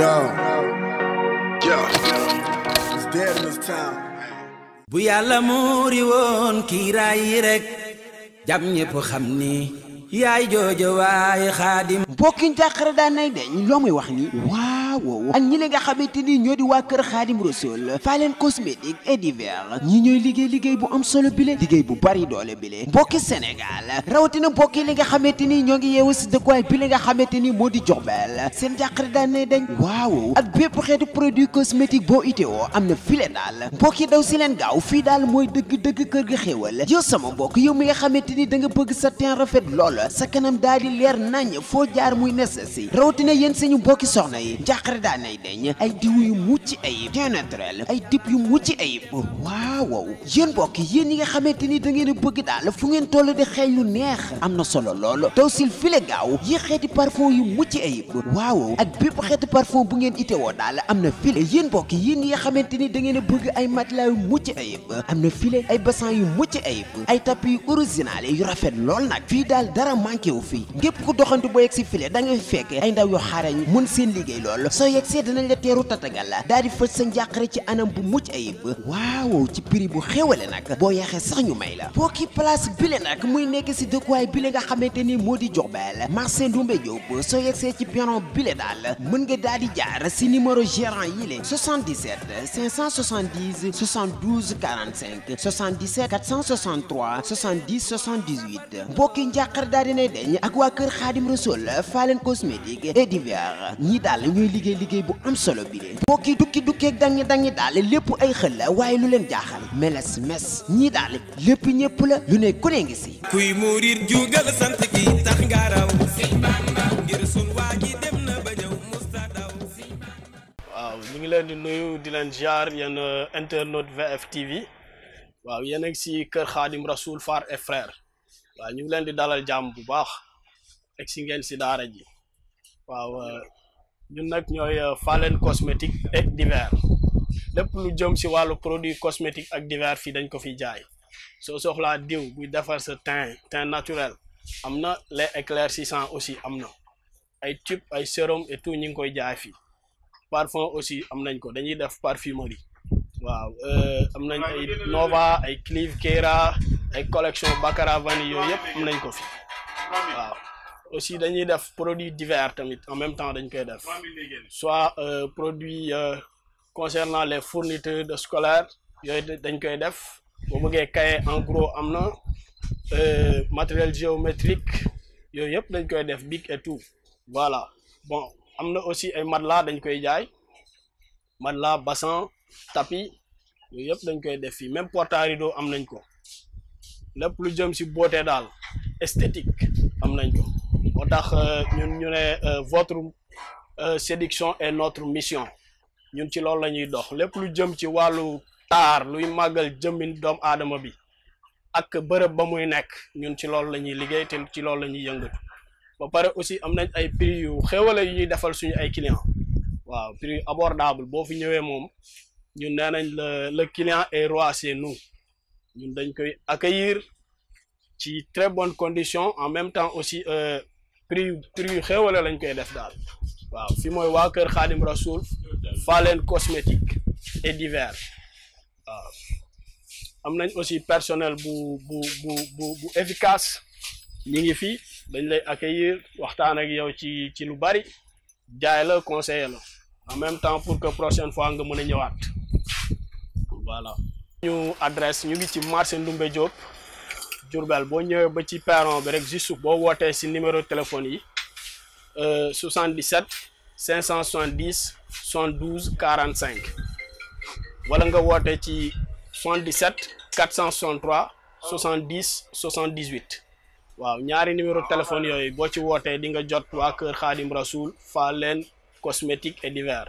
yo. bu yàlla muuri woon kiiraay yi jam ñépp xam ni yaay joojo waaye xaadim. mbokki njàqare daan nay de loo muy wax nii. waaw. saa woowu ak ñi nga xamante ni ñoo di waa kër xaadim rasul faaleen cosmétique et divers ñi ñooy liggéey liggéey bu am solo bile liggéey bu bari doole bile mbokki Sénégal rawatina mbokki li nga xamante ni ñoo ngi yeewu si dëkkuwaay bi li nga xamante ni moo di Diourbel seen jàqare daan ne dañ waaw ak bépp xeetu produit cosmétique boo woo am na fi leen daal mbokki daw si leen gaaw fii daal mooy dëgg-dëgg kër ga xéewal yow sama mbokk yow mi nga xamante ni da nga bëgg sa teint rafet lool sa kanam daal di leer nañ foo jaar muy necessité rawatina yéen suñu mbokki soxna naqari daanay deñ ay diw yu mucc ayib bien naturel ay dip yu mucc ayib waaw yéen mbokk yéen yi nga xamante ni da ngeen a bëgg daal fu ngeen toll di xeeñ yu neex am na solo lool taw sil file gaaw yi xeeti parfum yu mucc ayib waaw ak bépp xeeti parfum bu ngeen itewoo daal am na file yéen mbokk yéen yi nga xamante ni da ngeen a bëgg ay matelas yu mucc ayib am na file ay bassin yu mucc ayib ay tapis yu original yu rafet lool nag fii daal dara manqué wu fii ngépp ku doxantu boo yegg si file da ngay fekke ay ndaw yu seen liggéey lool soo yegsee dinañ la teeru tatagal la daal di faj sa njàqare ci anam bu mucc ayib waaw ci prix bu xéwale nag boo yaaxee sax ñu may la pooki place bi le nag muy nekk si dëkkuwaay bi le nga xamante ni moo di Diourbel marché Ndoumbe Diop soo yegsee ci piron bi dal, daal mën nga daal di jaar si numéro gérant yi le 77 570 72 45 77 463 70 78 mbokki njàqare daal dinay deñ ak waa kër Xaadim Rasul Falen cosmétique et divers ñi daal ñuy liggéey liggéey bu am solo bi lee mbokki dukki dukkeeg dangi dangi daal lépp ay xël la waaye lu leen jaaxal meles mes ñii daal lépp ñëpp la lu ne ku ne si kuy murit jugal sant ki tax nga raw ngir sun waa ji dem na ba ñëw waaw ñu ngi leen di nuyu di leen jaar yéen euh, internaute VF TV waaw yéen a si kër Xaadim Rasoul Far et Frère waaw ñu ngi leen di dalal jàmm bu baax egg si ngeen si daara ji waaw euh, ñun nag ñooy euh, Falen cosmétique et divers lépp lu jëm si wàllu produit cosmétique ak divers fii dañ ko fi jaay so soxlaa diw buy defar sa teint teint naturel am na les éclaircissants aussi am na ay tube ay sérum et tout ñu ngi koy jaay fii parfum aussi am nañ ko dañuy def parfumerie waaw euh, am nañ ay Nova ay Clive Kera ay collection Baccarat vanille yooyu yëpp am nañ ko fi waaw aussi dañuy produits divers en même temps dañ des soit euh, produits euh, concernant les fournitures de scolaires yooyu dañ koy def en gros am euh, matériel géométrique yooyu yëpp dañ koy def et tout voilà bon am aussi ay matelas dañ koy jaay matelas bassin tapis yooyu yëpp dañ koy def même ko lu jëm esthétique am nañ ko moo tax euh, ñun ñu ne euh, votre euh, séduction est notre mission ñun ci loolu la ñuy dox lépp lu jëm ci wàllu taar luy màggal jëmmin doomu aadama bi ak bërëb ba muy nekk ñun ci loolu la ñuy liggéey ci loolu la ñuy yëngatu ba pare aussi am nañ ay prix yu xéwale yu ñuy defal suñu ay clients waaw prix abordable boo fi ñëwee moom ñun nee nañ le le client est roi chez nous ñun dañ koy accueillir ci très bonne condition en même temps aussi euh, prix prix yu lañ koy def dal waaw fi moy wa kër khadim Rasoul Falen cosmétique et divers waaw am nañ aussi personnel bu bu bu bu bu efficace ñi ngi fi dañ lay accueillir waxtaan ak yow ci ci lu bari jaay la conseiller la en même temps pour que prochaine fois nga mën a ñëwaat voilà. ñu adresse ñu ngi ci marché ndumbe Diop. Diourbel boo ñëwee ba ci perron bi rek juste boo wootee ci numéro téléphone yi 77 570 72 45 wala nga wootee ci 77 463 70 78 waaw ñaari numéro téléphone yooyu boo ci wootee di nga jot waa Kër Xaadim Rasoul Falen cosmétique et divers.